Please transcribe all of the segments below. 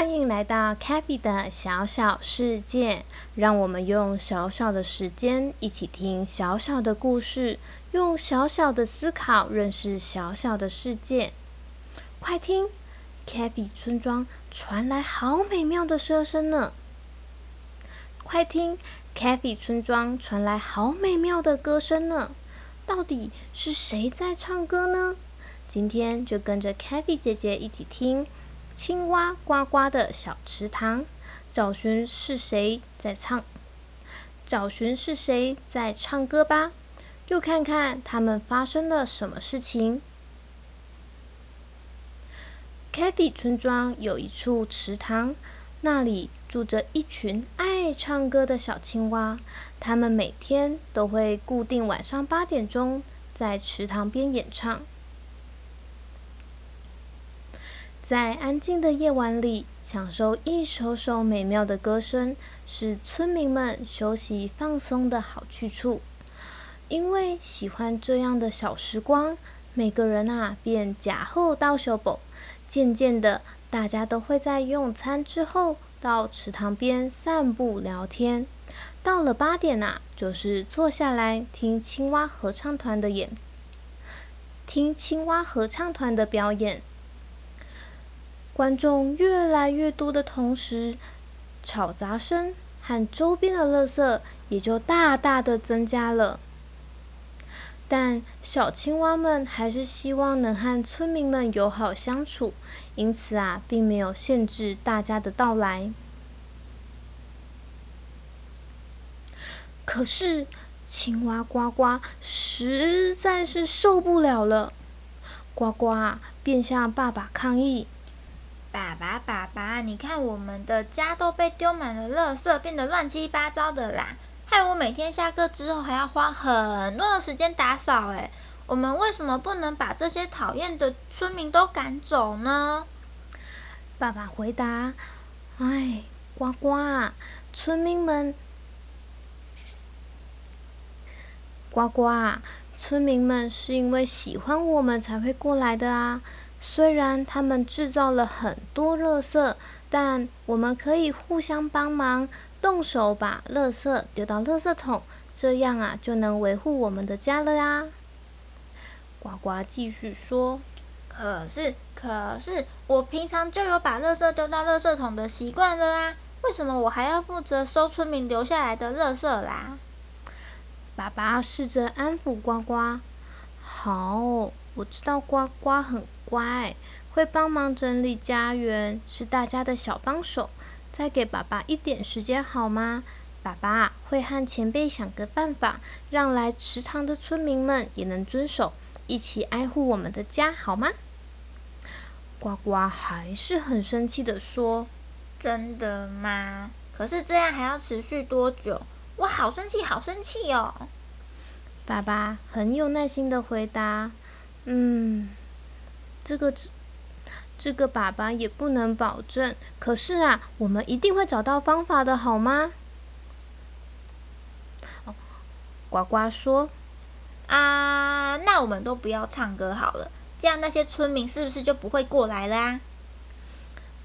歡迎來到 CaFi 的小小世界，讓我們用小小的時間一起聽小小的故事，用小小的思考認識小小的世界。快聽 CaFi 村莊傳來好美妙的歌聲呢！快聽 CaFi 村莊傳來好美妙的歌聲呢！到底是誰在唱歌呢？今天就跟着 CaFi 姐姐一起聽。青蛙呱呱的小池塘，找尋是誰在唱？找尋是誰在唱歌吧，就看看他們發生了什麼事情。CaFi 村莊有一處池塘，那裡住着一群愛唱歌的小青蛙，它們每天都會固定晚上八點鐘在池塘邊演唱。在安靜的夜晚裡，享受一首首美妙的歌聲，是村民們休息放鬆的好去處。因為喜歡這樣的小時光，每個人啊便假後到手鋪。漸漸的，大家都會在用餐之後到池塘邊散步聊天。到了八點啊，就是坐下來聽青蛙合唱團的演，聽青蛙合唱團的表演。觀眾越來越多的同時，吵雜聲和周邊的垃圾也就大大的增加了。但小青蛙們還是希望能和村民們友好相處，因此啊，並沒有限制大家的到來。可是，青蛙呱呱實在是受不了了，呱呱便向爸爸抗議。爸爸，爸爸，你看我們的家都被丟滿了垃圾，變得亂七八糟的啦，害我每天下課之後還要花很多的時間打掃。哎，我們為什麼不能把這些討厭的村民都趕走呢？爸爸回答：“哎，呱呱，村民們，呱呱，村民們是因為喜歡我們才會過來的啊。”雖然他們製造了很多垃圾，但我們可以互相幫忙，動手把垃圾丟到垃圾桶，這樣啊，就能維護我們的家了啦。呱呱繼續說：“可是，可是我平常就有把垃圾丟到垃圾桶的習慣了啦，為什麼我還要負責收村民留下來的垃圾啦？”爸爸試着安撫呱呱：“好，我知道呱呱很……”乖，會幫忙整理家園，是大家的小幫手。再給爸爸一點時間好嗎？爸爸會和前輩想個辦法，讓來池塘的村民們也能遵守，一起愛護我們的家好嗎？呱呱還是很生氣的說：“真的嗎？可是這樣還要持續多久？我好生氣，好生氣哦！”爸爸很有耐心的回答：“嗯。”這個這這個爸爸也不能保證，可是啊，我們一定會找到方法的，好嗎？呱呱說：“啊，那我們都不要唱歌好了，這樣那些村民是不是就不會過來了？”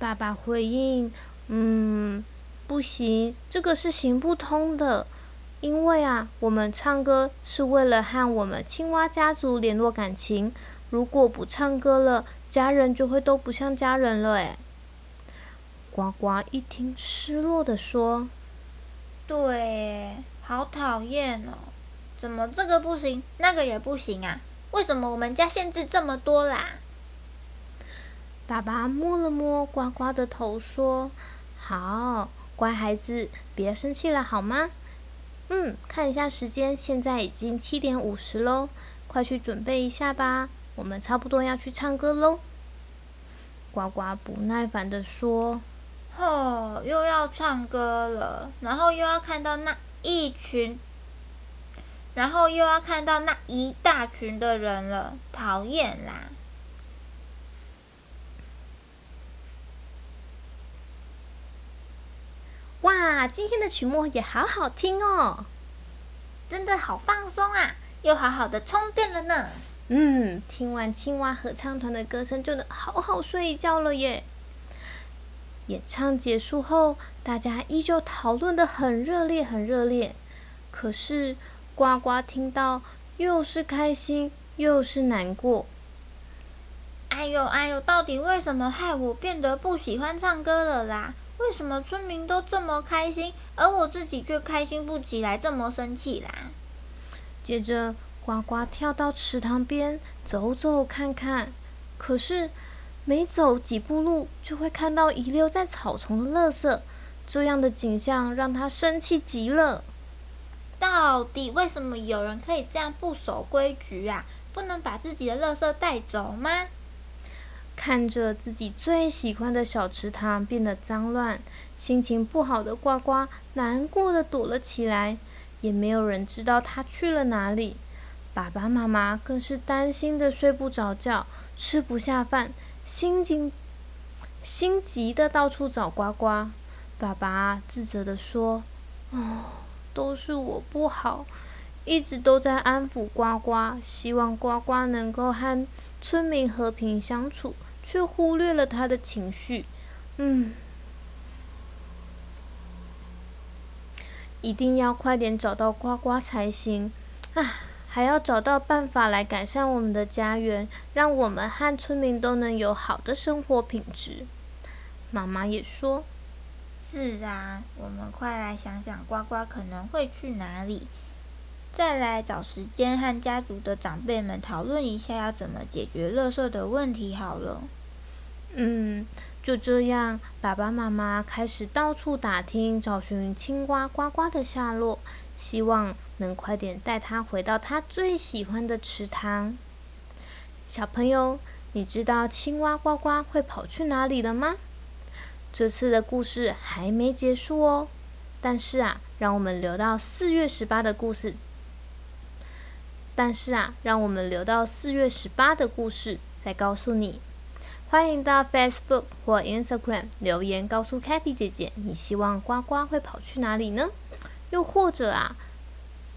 爸爸回應：“嗯，不行，這個是行不通的，因為啊，我們唱歌是為了和我們青蛙家族聯絡感情。”如果不唱歌了，家人就會都不像家人了誒。呱呱一聽，失落地說：“對，好討厭哦！怎麼這個不行，那個也不行啊？為什麼我們家限制這麼多啦？”爸爸摸了摸呱呱的頭，說：“好，乖孩子，別生氣了好嗎？嗯，看一下時間，現在已經七點五十嘍，快去準備一下吧。”我們差不多要去唱歌嘍。呱呱不耐煩的說：“吼，又要唱歌了，然後又要看到那一群，然後又要看到那一大群的人了，討厭啦！”哇，今天的曲目也好好聽哦，真的好放鬆啊，又好好的充電了呢。嗯，聽完青蛙合唱團的歌聲，就能好好睡一覺了耶。演唱結束後，大家依舊討論得很熱烈，很熱烈。可是呱呱聽到，又是開心，又是難過。哎呦哎呦，到底為什麼害我變得不喜歡唱歌了啦？為什麼村民都這麼開心，而我自己卻開心不起來，這麼生氣啦？接着。呱呱跳到池塘邊走走看看，可是沒走幾步路，就會看到遺留在草叢的垃圾。這樣的景象讓他生氣極了。到底為什麼有人可以這樣不守規矩啊？不能把自己的垃圾帶走嗎？看着自己最喜歡的小池塘變得髒亂，心情不好的呱呱難過的躲了起來，也沒有人知道他去了哪裡。爸爸媽媽更是擔心的睡不着覺，吃不下飯，心驚心急的到處找呱呱。爸爸自責的說：“哦，都是我不好，一直都在安撫呱呱，希望呱呱能夠和村民和平相處，卻忽略了他的情緒。嗯，一定要快點找到呱呱才行啊！”唉還要找到辦法來改善我們的家園，讓我們和村民都能有好的生活品質。媽媽也說：“是啊，我們快來想想呱呱可能會去哪裡，再來找時間和家族的長輩們討論一下要怎麼解決垃圾的問題好了。”嗯，就這樣，爸爸媽媽開始到處打聽，找尋青蛙呱呱的下落。希望能快點帶他回到他最喜歡的池塘。小朋友，你知道青蛙呱呱會跑去哪裡了嗎？這次的故事還沒結束哦。但是啊，讓我們留到四月十八的故事。但是啊，讓我們留到四月十八的故事再告訴你。歡迎到 Facebook 或 Instagram 留言告訴 CaFi 姐姐，你希望呱呱會跑去哪裡呢？又或者啊，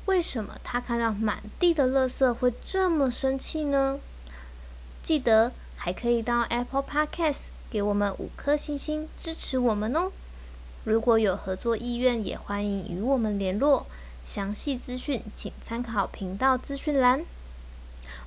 為什麼他看到滿地的垃圾會這麼生氣呢？記得還可以到 Apple Podcast 給我們五顆星星支持我們哦。如果有合作意願，也歡迎與我們聯絡。詳細資訊請參考頻道資訊欄。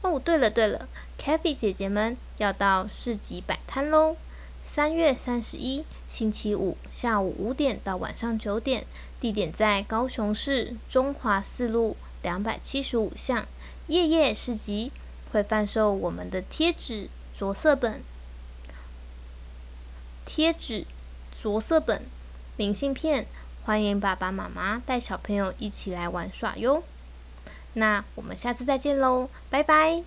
哦，對了對了，CaFi 姐姐們要到市集擺攤嘍，三月三十一，星期五下午五點到晚上九點。地點在高雄市中華四路兩百七十五巷，耶 Yeah 市集會販售我們的貼紙、着色本、貼紙、着色本、明信片，歡迎爸爸媽媽帶小朋友一起來玩耍喲。那我們下次再見嘍，拜拜。